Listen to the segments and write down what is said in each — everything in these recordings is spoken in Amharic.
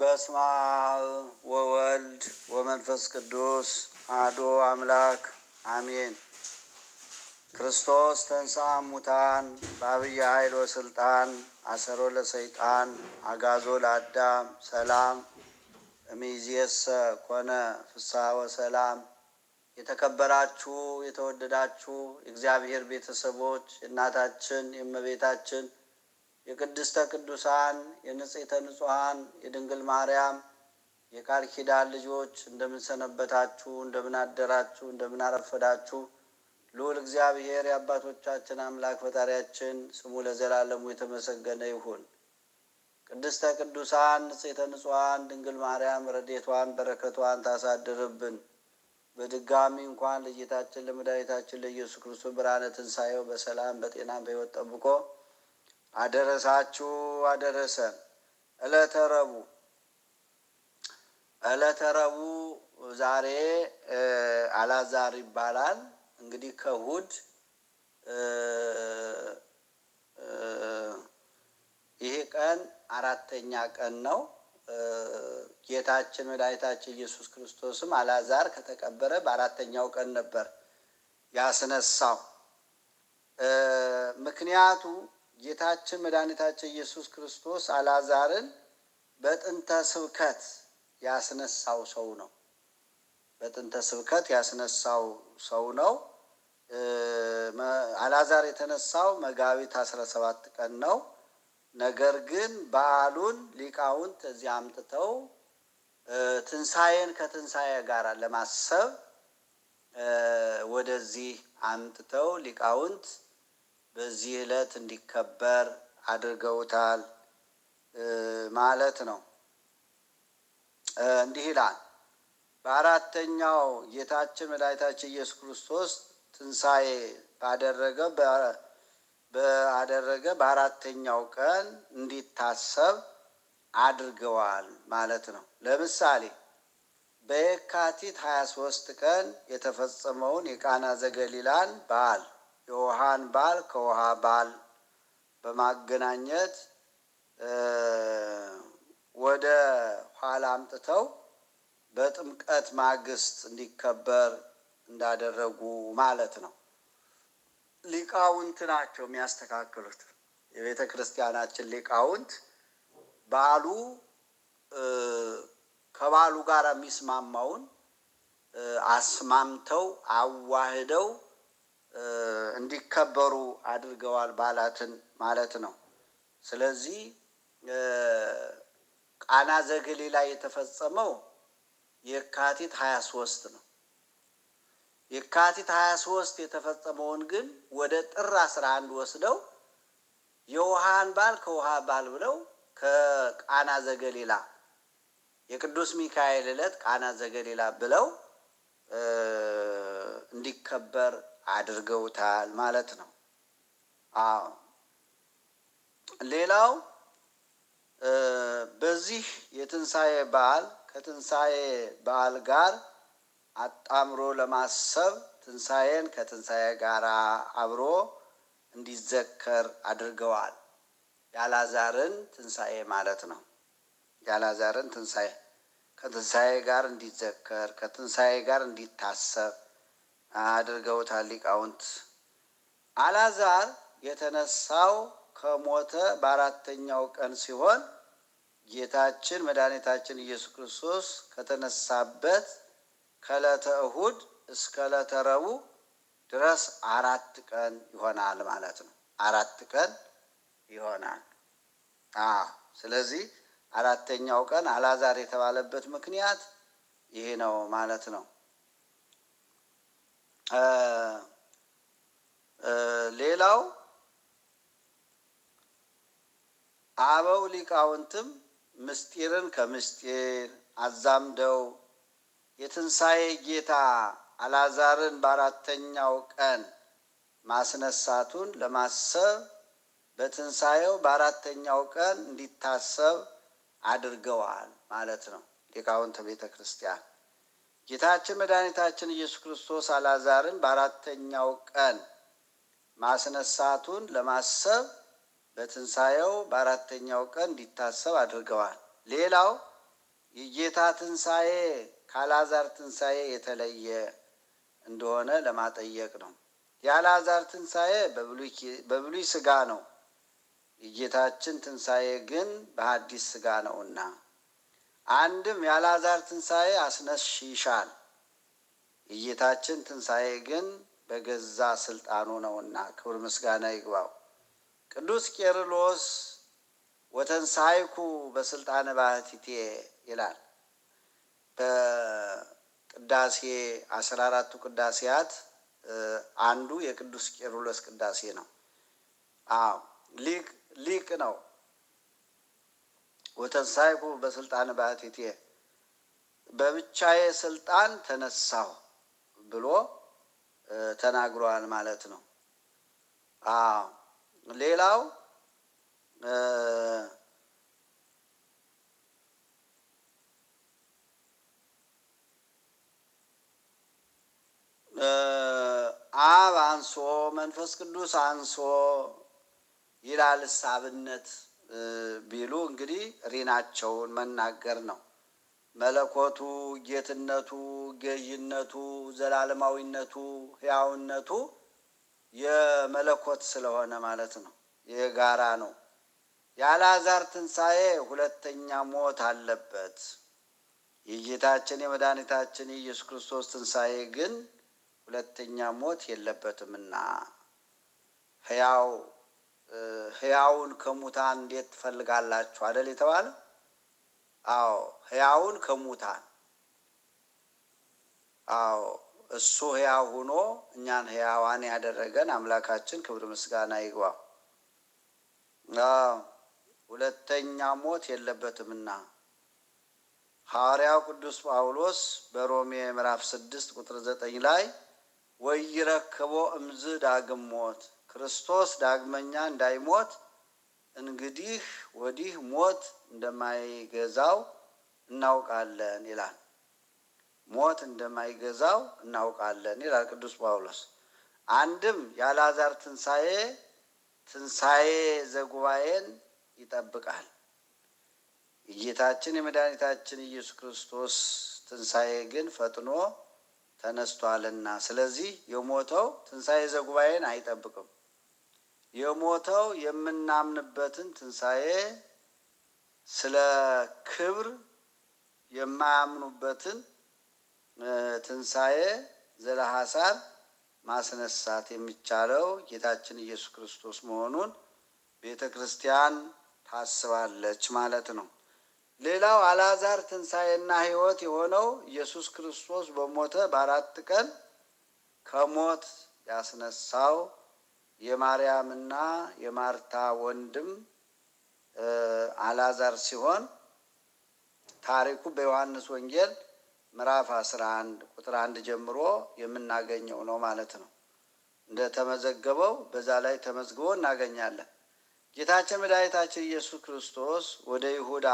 በስመ አብ ወወልድ ወመንፈስ ቅዱስ አሐዱ አምላክ አሜን። ክርስቶስ ተንሥአ እሙታን በዐቢይ ኃይል ወሥልጣን አሰሮ ለሰይጣን አጋዞ ለአዳም ሰላም እምይእዜሰ ኮነ ፍስሐ ወሰላም። የተከበራችሁ የተወደዳችሁ የእግዚአብሔር ቤተሰቦች የእናታችን የእመቤታችን የቅድስተ ቅዱሳን የንጽሕተ ንጹሐን የድንግል ማርያም የቃል ኪዳን ልጆች እንደምንሰነበታችሁ፣ እንደምናደራችሁ፣ እንደምናረፈዳችሁ ልዑል እግዚአብሔር የአባቶቻችን አምላክ ፈጣሪያችን ስሙ ለዘላለሙ የተመሰገነ ይሁን። ቅድስተ ቅዱሳን ንጽሕተ ንጹሐን ድንግል ማርያም ረዴቷን በረከቷን ታሳድርብን። በድጋሚ እንኳን ለጌታችን ለመድኃኒታችን ለኢየሱስ ክርስቶስ ብርሃነ ትንሣኤው በሰላም በጤናም በሕይወት ጠብቆ አደረሳችሁ አደረሰን። ዕለተ ረቡዕ ዕለተ ረቡዕ ዛሬ አላዛር ይባላል። እንግዲህ ከሁድ ይሄ ቀን አራተኛ ቀን ነው። ጌታችን መድኃኒታችን ኢየሱስ ክርስቶስም አላዛር ከተቀበረ በአራተኛው ቀን ነበር ያስነሳው። ምክንያቱ ጌታችን መድኃኒታችን ኢየሱስ ክርስቶስ አላዛርን በጥንተ ስብከት ያስነሳው ሰው ነው። በጥንተ ስብከት ያስነሳው ሰው ነው። አላዛር የተነሳው መጋቢት አስራ ሰባት ቀን ነው። ነገር ግን በዓሉን ሊቃውንት እዚህ አምጥተው ትንሣኤን ከትንሣኤ ጋር ለማሰብ ወደዚህ አምጥተው ሊቃውንት በዚህ ዕለት እንዲከበር አድርገውታል ማለት ነው። እንዲህ ይላል። በአራተኛው ጌታችን መድኃኒታችን ኢየሱስ ክርስቶስ ትንሣኤ ባደረገ በአደረገ በአራተኛው ቀን እንዲታሰብ አድርገዋል ማለት ነው። ለምሳሌ በየካቲት 23 ቀን የተፈጸመውን የቃና ዘገሊላን በዓል የውሃን ባል ከውሃ ባል በማገናኘት ወደ ኋላ አምጥተው በጥምቀት ማግስት እንዲከበር እንዳደረጉ ማለት ነው። ሊቃውንት ናቸው የሚያስተካክሉት። የቤተ ክርስቲያናችን ሊቃውንት በዓሉ ከበዓሉ ጋር የሚስማማውን አስማምተው አዋህደው እንዲከበሩ አድርገዋል በዓላትን ማለት ነው። ስለዚህ ቃና ዘገሊላ የተፈጸመው የካቲት ሀያ ሶስት ነው። የካቲት ሀያ ሶስት የተፈጸመውን ግን ወደ ጥር አስራ አንድ ወስደው የውሃን ባል ከውሃ ባል ብለው ከቃና ዘገሊላ የቅዱስ ሚካኤል ዕለት ቃና ዘገሊላ ብለው እንዲከበር አድርገውታል ማለት ነው። አዎ ሌላው በዚህ የትንሣኤ በዓል ከትንሣኤ በዓል ጋር አጣምሮ ለማሰብ ትንሣኤን ከትንሣኤ ጋር አብሮ እንዲዘከር አድርገዋል። ያላዛርን ትንሣኤ ማለት ነው። ያላዛርን ትንሣኤ ከትንሣኤ ጋር እንዲዘከር ከትንሣኤ ጋር እንዲታሰብ አድርገውታል ሊቃውንት። አላዛር የተነሳው ከሞተ በአራተኛው ቀን ሲሆን ጌታችን መድኃኒታችን ኢየሱስ ክርስቶስ ከተነሳበት ከዕለተ እሁድ እስከ ዕለተ ረቡዕ ድረስ አራት ቀን ይሆናል ማለት ነው። አራት ቀን ይሆናል። ስለዚህ አራተኛው ቀን አላዛር የተባለበት ምክንያት ይሄ ነው ማለት ነው። ሌላው አበው ሊቃውንትም ምስጢርን ከምስጢር አዛምደው የትንሣኤ ጌታ አላዛርን በአራተኛው ቀን ማስነሳቱን ለማሰብ በትንሣኤው በአራተኛው ቀን እንዲታሰብ አድርገዋል ማለት ነው ሊቃውንተ ቤተ ክርስቲያን። ጌታችን መድኃኒታችን ኢየሱስ ክርስቶስ አላዛርን በአራተኛው ቀን ማስነሳቱን ለማሰብ በትንሣኤው በአራተኛው ቀን እንዲታሰብ አድርገዋል። ሌላው የጌታ ትንሣኤ ከአላዛር ትንሣኤ የተለየ እንደሆነ ለማጠየቅ ነው። የአላዛር ትንሣኤ በብሉይ ሥጋ ነው። የጌታችን ትንሣኤ ግን በሐዲስ ሥጋ ነውና አንድም የአልዓዛር ትንሣኤ አስነሽሻል። እይታችን ትንሣኤ ግን በገዛ ስልጣኑ ነውና ክብር ምስጋና ይግባው። ቅዱስ ቄርሎስ ወተንሳይኩ በስልጣነ ባህቲቴ ይላል። በቅዳሴ አስራ አራቱ ቅዳሴያት አንዱ የቅዱስ ቄርሎስ ቅዳሴ ነው። አዎ ሊቅ ሊቅ ነው። ወተንሳይኩ በስልጣን ባሕቲቴ በብቻዬ ስልጣን ተነሳሁ ብሎ ተናግሯል ማለት ነው። አዎ ሌላው አብ አንሶ መንፈስ ቅዱስ አንሶ ይላል ሳብነት ቢሉ እንግዲህ ሪናቸውን መናገር ነው። መለኮቱ፣ ጌትነቱ፣ ገዥነቱ፣ ዘላለማዊነቱ፣ ህያውነቱ የመለኮት ስለሆነ ማለት ነው። የጋራ ነው። የአልዓዛር ትንሣኤ ሁለተኛ ሞት አለበት። የጌታችን የመድኃኒታችን የኢየሱስ ክርስቶስ ትንሣኤ ግን ሁለተኛ ሞት የለበትምና ሕያው ህያውን ከሙታን እንዴት ትፈልጋላችሁ አደል የተባለ? አዎ ህያውን ከሙታን አዎ እሱ ህያው ሆኖ እኛን ህያዋን ያደረገን አምላካችን ክብር ምስጋና ይግባ። ሁለተኛ ሞት የለበትምና ሐዋርያው ቅዱስ ጳውሎስ በሮሜ ምዕራፍ ስድስት ቁጥር ዘጠኝ ላይ ወይረከቦ እምዝ ዳግም ሞት ክርስቶስ ዳግመኛ እንዳይሞት እንግዲህ ወዲህ ሞት እንደማይገዛው እናውቃለን ይላል። ሞት እንደማይገዛው እናውቃለን ይላል ቅዱስ ጳውሎስ። አንድም የአልዓዛር ትንሣኤ ትንሣኤ ዘጉባኤን ይጠብቃል። የጌታችን የመድኃኒታችን ኢየሱስ ክርስቶስ ትንሣኤ ግን ፈጥኖ ተነስቷልና፣ ስለዚህ የሞተው ትንሣኤ ዘጉባኤን አይጠብቅም። የሞተው የምናምንበትን ትንሣኤ ስለ ክብር የማያምኑበትን ትንሣኤ ዘለሐሳር ማስነሳት የሚቻለው ጌታችን ኢየሱስ ክርስቶስ መሆኑን ቤተ ክርስቲያን ታስባለች ማለት ነው። ሌላው አላዛር ትንሣኤና ሕይወት የሆነው ኢየሱስ ክርስቶስ በሞተ በአራት ቀን ከሞት ያስነሳው የማርያምና የማርታ ወንድም አላዛር ሲሆን ታሪኩ በዮሐንስ ወንጌል ምዕራፍ 11 ቁጥር አንድ ጀምሮ የምናገኘው ነው ማለት ነው። እንደተመዘገበው በዛ ላይ ተመዝግቦ እናገኛለን። ጌታችን መድኃኒታችን ኢየሱስ ክርስቶስ ወደ ይሁዳ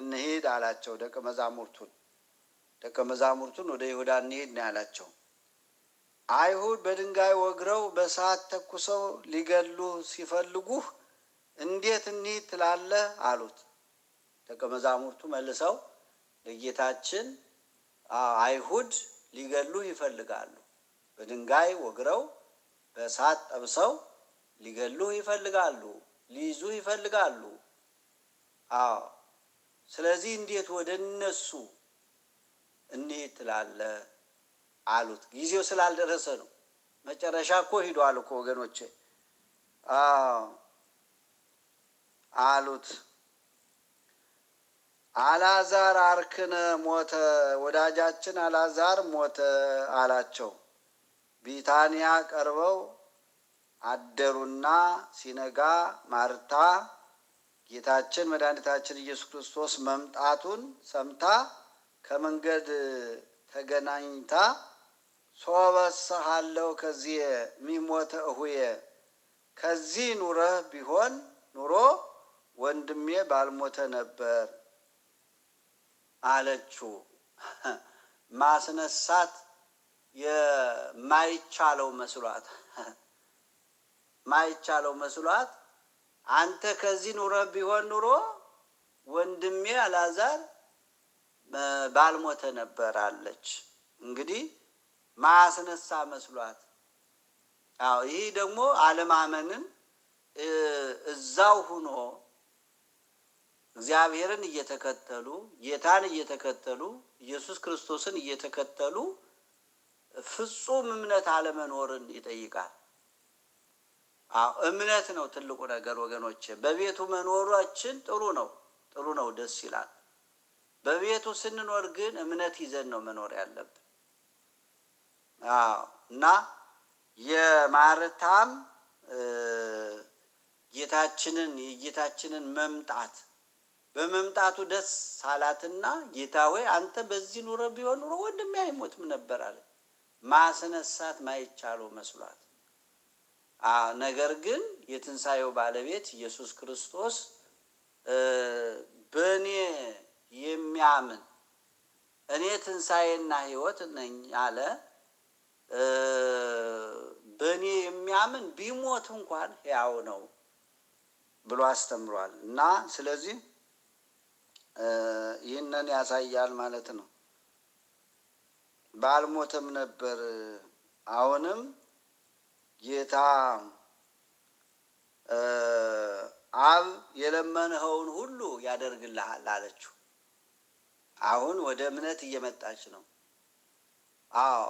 እንሄድ አላቸው ደቀ መዛሙርቱን ደቀ መዛሙርቱን ወደ ይሁዳ እንሄድ ነው ያላቸው። አይሁድ በድንጋይ ወግረው በሰዓት ተኩሰው ሊገሉ ሲፈልጉህ እንዴት እኒ ትላለህ አሉት። ደቀ መዛሙርቱ መልሰው ለጌታችን አይሁድ ሊገሉ ይፈልጋሉ፣ በድንጋይ ወግረው በእሳት ጠብሰው ሊገሉ ይፈልጋሉ፣ ሊይዙ ይፈልጋሉ። አዎ ስለዚህ እንዴት ወደ እነሱ እንሂድ ትላለህ አሉት። ጊዜው ስላልደረሰ ነው። መጨረሻ እኮ ሂዷል እኮ ወገኖቼ አሉት። አላዛር አርክነ ሞተ፣ ወዳጃችን አላዛር ሞተ አላቸው። ቢታንያ ቀርበው አደሩና ሲነጋ ማርታ ጌታችን መድኃኒታችን ኢየሱስ ክርስቶስ መምጣቱን ሰምታ ከመንገድ ተገናኝታ ሶበስሃለው ከዚህ ሚሞተ እሁየ ከዚህ ኑረህ ቢሆን ኑሮ ወንድሜ ባልሞተ ነበር አለችው። ማስነሳት የማይቻለው መስሏት ማይቻለው መስሏት አንተ ከዚህ ኑረህ ቢሆን ኑሮ ወንድሜ አላዛር ባልሞተ ነበር አለች። እንግዲህ ማያስነሳ መስሏት። አዎ ይህ ደግሞ አለማመንን እዛው ሁኖ እግዚአብሔርን እየተከተሉ ጌታን እየተከተሉ ኢየሱስ ክርስቶስን እየተከተሉ ፍጹም እምነት አለመኖርን ይጠይቃል። አዎ እምነት ነው ትልቁ ነገር ወገኖች። በቤቱ መኖራችን ጥሩ ነው፣ ጥሩ ነው፣ ደስ ይላል። በቤቱ ስንኖር ግን እምነት ይዘን ነው መኖር ያለብን። እና የማርታም ጌታችንን የጌታችንን መምጣት በመምጣቱ ደስ ሳላትና ጌታ ሆይ አንተ በዚህ ኑረ ቢሆን ኑሮ ወንድሜ አይሞትም ነበር አለ። ማስነሳት ማይቻለው መስሏት፣ ነገር ግን የትንሣኤው ባለቤት ኢየሱስ ክርስቶስ በእኔ የሚያምን እኔ ትንሣኤና ሕይወት ነኝ አለ። በእኔ የሚያምን ቢሞት እንኳን ያው ነው ብሎ አስተምሯል። እና ስለዚህ ይህንን ያሳያል ማለት ነው። ባልሞተም ነበር። አሁንም ጌታ አብ የለመንኸውን ሁሉ ያደርግልሃል አለችው። አሁን ወደ እምነት እየመጣች ነው። አዎ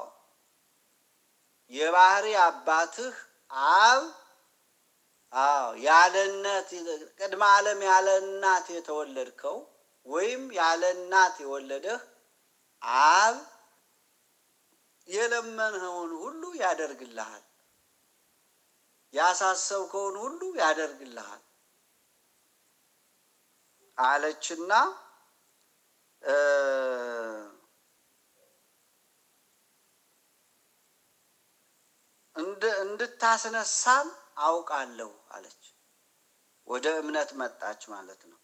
የባህሪ አባትህ አብ አዎ ያለ እናት ቅድመ ዓለም ያለ እናት የተወለድከው ወይም ያለ እናት የወለደህ አብ የለመንኸውን ሁሉ ያደርግልሃል፣ ያሳሰብከውን ሁሉ ያደርግልሃል አለችና እንድታስነሳም አውቃለሁ አለች። ወደ እምነት መጣች ማለት ነው።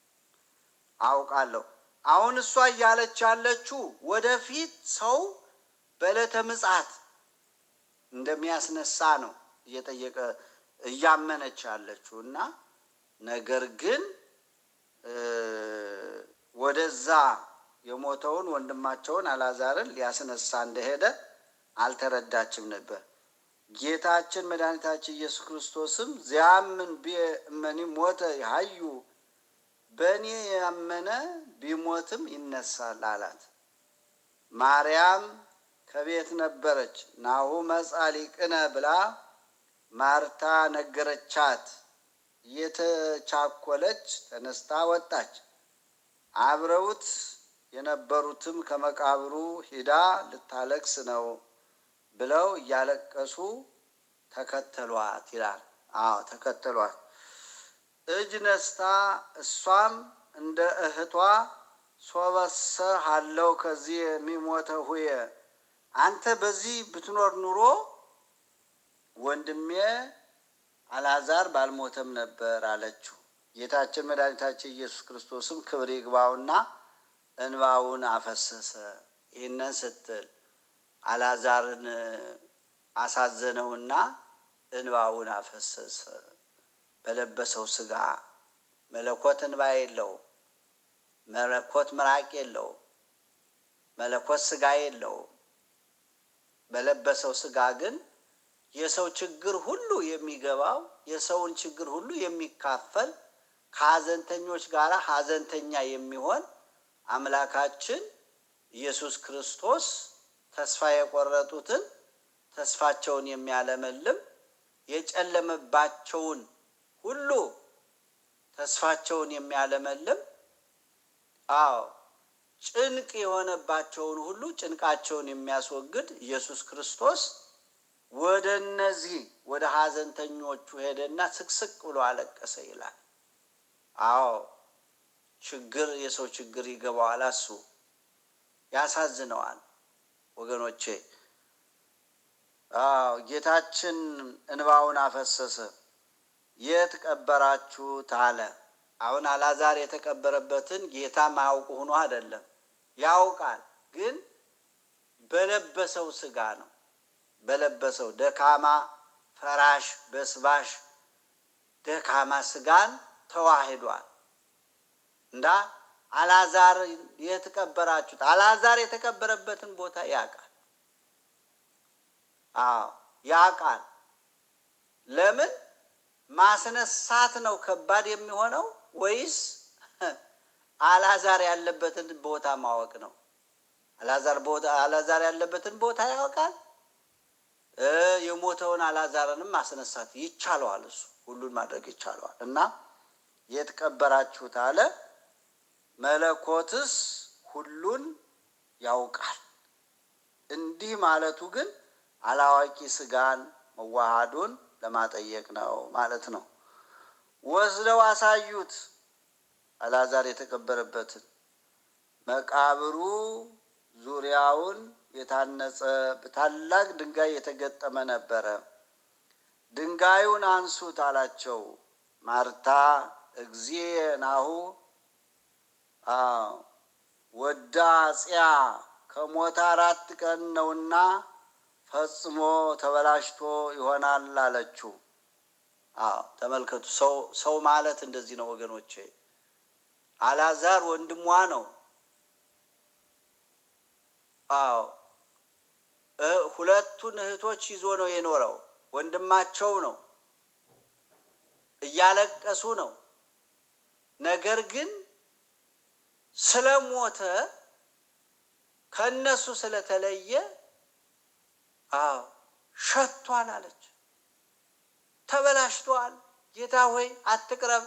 አውቃለሁ አሁን እሷ እያለች ያለችው ወደፊት ሰው በዕለተ ምጽአት እንደሚያስነሳ ነው እየጠየቀ እያመነች ያለችው እና ነገር ግን ወደዛ የሞተውን ወንድማቸውን አላዛርን ሊያስነሳ እንደሄደ አልተረዳችም ነበር። ጌታችን መድኃኒታችን ኢየሱስ ክርስቶስም ዚያምን ቢእመኒ ሞተ ይሃዩ በእኔ ያመነ ቢሞትም ይነሳል አላት። ማርያም ከቤት ነበረች። ናሁ መጻ ሊቅነ ብላ ማርታ ነገረቻት። እየተቻኮለች ተነስታ ወጣች። አብረውት የነበሩትም ከመቃብሩ ሂዳ ልታለቅስ ነው። ብለው እያለቀሱ ተከተሏት ይላል። አዎ ተከተሏት። እጅ ነስታ እሷም እንደ እህቷ ሶበሰ አለው ከዚህ የሚሞተ ሁየ አንተ በዚህ ብትኖር ኑሮ ወንድሜ አላዛር ባልሞተም ነበር አለችው። ጌታችን መድኃኒታችን ኢየሱስ ክርስቶስም ክብር ይግባውና እንባውን አፈሰሰ። ይህንን ስትል አላዛርን አሳዘነውና እንባውን አፈሰሰ። በለበሰው ስጋ መለኮት እንባ የለው፣ መለኮት ምራቅ የለው፣ መለኮት ስጋ የለው። በለበሰው ስጋ ግን የሰው ችግር ሁሉ የሚገባው የሰውን ችግር ሁሉ የሚካፈል ከሀዘንተኞች ጋር ሀዘንተኛ የሚሆን አምላካችን ኢየሱስ ክርስቶስ ተስፋ የቆረጡትን ተስፋቸውን የሚያለመልም የጨለመባቸውን ሁሉ ተስፋቸውን የሚያለመልም አዎ ጭንቅ የሆነባቸውን ሁሉ ጭንቃቸውን የሚያስወግድ ኢየሱስ ክርስቶስ ወደ እነዚህ ወደ ሐዘንተኞቹ ሄደና ስቅስቅ ብሎ አለቀሰ ይላል። አዎ ችግር የሰው ችግር ይገባዋል፣ እሱ ያሳዝነዋል። ወገኖቼ። አዎ ጌታችን እንባውን አፈሰሰ። የት ቀበራችሁት አለ። አሁን አላዛር የተቀበረበትን ጌታ ማያውቁ ሆኖ አይደለም፣ ያውቃል። ግን በለበሰው ስጋ ነው በለበሰው ደካማ ፈራሽ በስባሽ ደካማ ስጋን ተዋህዷል እንዳ አላዛር የተቀበራችሁት አላዛር የተቀበረበትን ቦታ ያውቃል። አዎ ያውቃል። ለምን ማስነሳት ነው ከባድ የሚሆነው ወይስ አላዛር ያለበትን ቦታ ማወቅ ነው? አላዛር ያለበትን ቦታ ያውቃል። የሞተውን አላዛርንም ማስነሳት ይቻለዋል። እሱ ሁሉን ማድረግ ይቻለዋል። እና የት ቀበራችሁት አለ። መለኮትስ ሁሉን ያውቃል። እንዲህ ማለቱ ግን አላዋቂ ስጋን መዋሃዱን ለማጠየቅ ነው ማለት ነው። ወስደው አሳዩት አላዛር የተቀበረበትን መቃብሩ ዙሪያውን የታነጸ በታላቅ ድንጋይ የተገጠመ ነበረ። ድንጋዩን አንሱት አላቸው። ማርታ እግዚእ ናሁ ወዳ ጽያ ከሞተ አራት ቀን ነውና ፈጽሞ ተበላሽቶ ይሆናል አለችው። ተመልከቱ፣ ሰው ማለት እንደዚህ ነው ወገኖቼ። አላዛር ወንድሟ ነው። አዎ ሁለቱን እህቶች ይዞ ነው የኖረው። ወንድማቸው ነው። እያለቀሱ ነው። ነገር ግን ስለሞተ ከእነሱ ስለተለየ አዎ ሸቷል አለች። ተበላሽቷል፣ ጌታ ሆይ አትቅረብ፣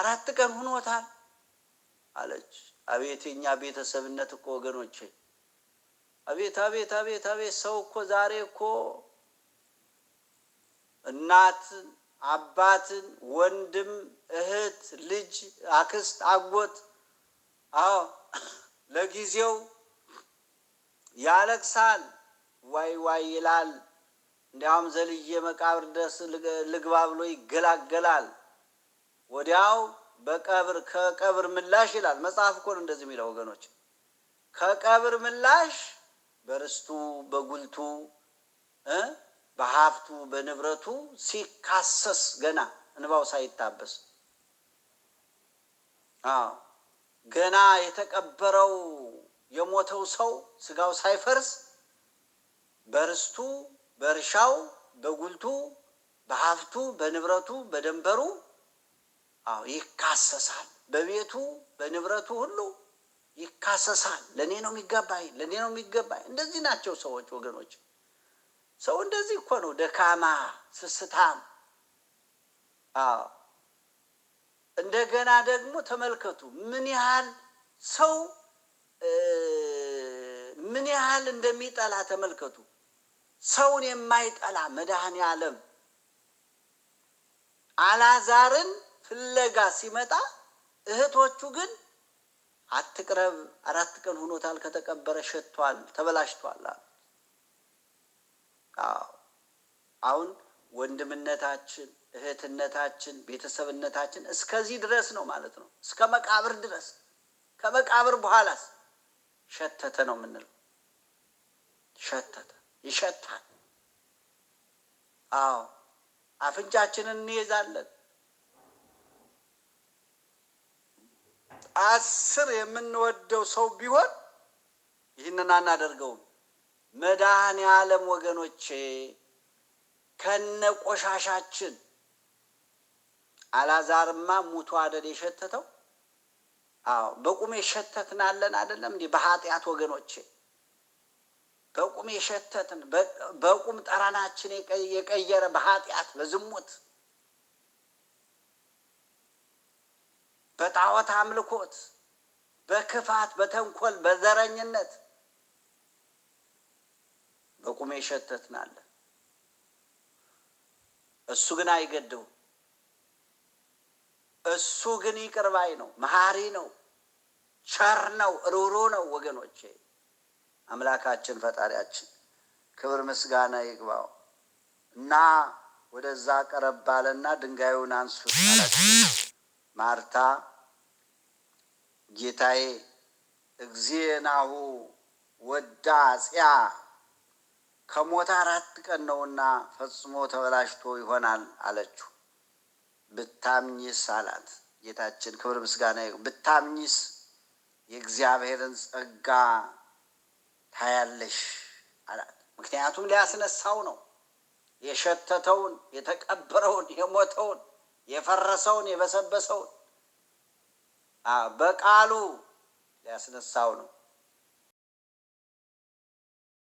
አራት ቀን ሁኖታል አለች። አቤት የኛ ቤተሰብነት እኮ ወገኖቼ! አቤት አቤት አቤት አቤት! ሰው እኮ ዛሬ እኮ እናት አባትን፣ ወንድም፣ እህት፣ ልጅ፣ አክስት፣ አጎት አዎ ለጊዜው ያለቅሳል፣ ዋይ ዋይ ይላል። እንዲያውም ዘልዬ መቃብር ደስ ልግባ ብሎ ይገላገላል። ወዲያው በቀብር ከቀብር ምላሽ ይላል መጽሐፍ እኮ ነው እንደዚህ የሚለው ወገኖች። ከቀብር ምላሽ በርስቱ በጉልቱ በሀብቱ በንብረቱ ሲካሰስ ገና እንባው ሳይታበስ ገና የተቀበረው የሞተው ሰው ስጋው ሳይፈርስ በርስቱ፣ በእርሻው፣ በጉልቱ፣ በሀብቱ፣ በንብረቱ፣ በደንበሩ አዎ ይካሰሳል። በቤቱ በንብረቱ ሁሉ ይካሰሳል። ለእኔ ነው የሚገባኝ፣ ለእኔ ነው የሚገባኝ። እንደዚህ ናቸው ሰዎች ወገኖች። ሰው እንደዚህ እኮ ነው፣ ደካማ ስስታም። አዎ እንደገና ደግሞ ተመልከቱ ምን ያህል ሰው ምን ያህል እንደሚጠላ ተመልከቱ። ሰውን የማይጠላ መድኃኔ ዓለም አላዛርን ፍለጋ ሲመጣ እህቶቹ ግን አትቅረብ፣ አራት ቀን ሆኖታል ከተቀበረ ሸቷል፣ ተበላሽቷል አሉ። አሁን ወንድምነታችን እህትነታችን ቤተሰብነታችን እስከዚህ ድረስ ነው ማለት ነው። እስከ መቃብር ድረስ ከመቃብር በኋላስ ሸተተ ነው የምንለው። ሸተተ ይሸታል። አዎ አፍንጫችንን እንይዛለን። አስር የምንወደው ሰው ቢሆን ይህንን አናደርገውም። መድኃኔ ዓለም ወገኖቼ ከነ ቆሻሻችን አላዛርማ ሙቶ አደል የሸተተው? አዎ በቁሜ ሸተትናለን አደለም? እንዲህ በኃጢአት ወገኖቼ በቁም የሸተትን በቁም ጠራናችን የቀየረ በኃጢአት በዝሙት በጣዖት አምልኮት በክፋት በተንኮል በዘረኝነት በቁሜ ሸተትናለ። እሱ ግን አይገድቡም። እሱ ግን ይቅርባይ ነው፣ መሐሪ ነው፣ ቸር ነው፣ ሩሩ ነው። ወገኖቼ አምላካችን ፈጣሪያችን ክብር ምስጋና ይግባው እና ወደዛ ቀረብ ባለና ድንጋዩን አንሱ ማርታ ጌታዬ እግዚእናሁ ወዳ ጽያ ከሞተ አራት ቀን ነውና ፈጽሞ ተበላሽቶ ይሆናል አለችው። ብታምኝስ አላት ጌታችን ክብር ምስጋና ብታምኝስ የእግዚአብሔርን ጸጋ ታያለሽ አላት። ምክንያቱም ሊያስነሳው ነው። የሸተተውን፣ የተቀበረውን፣ የሞተውን፣ የፈረሰውን፣ የበሰበሰውን በቃሉ ሊያስነሳው ነው።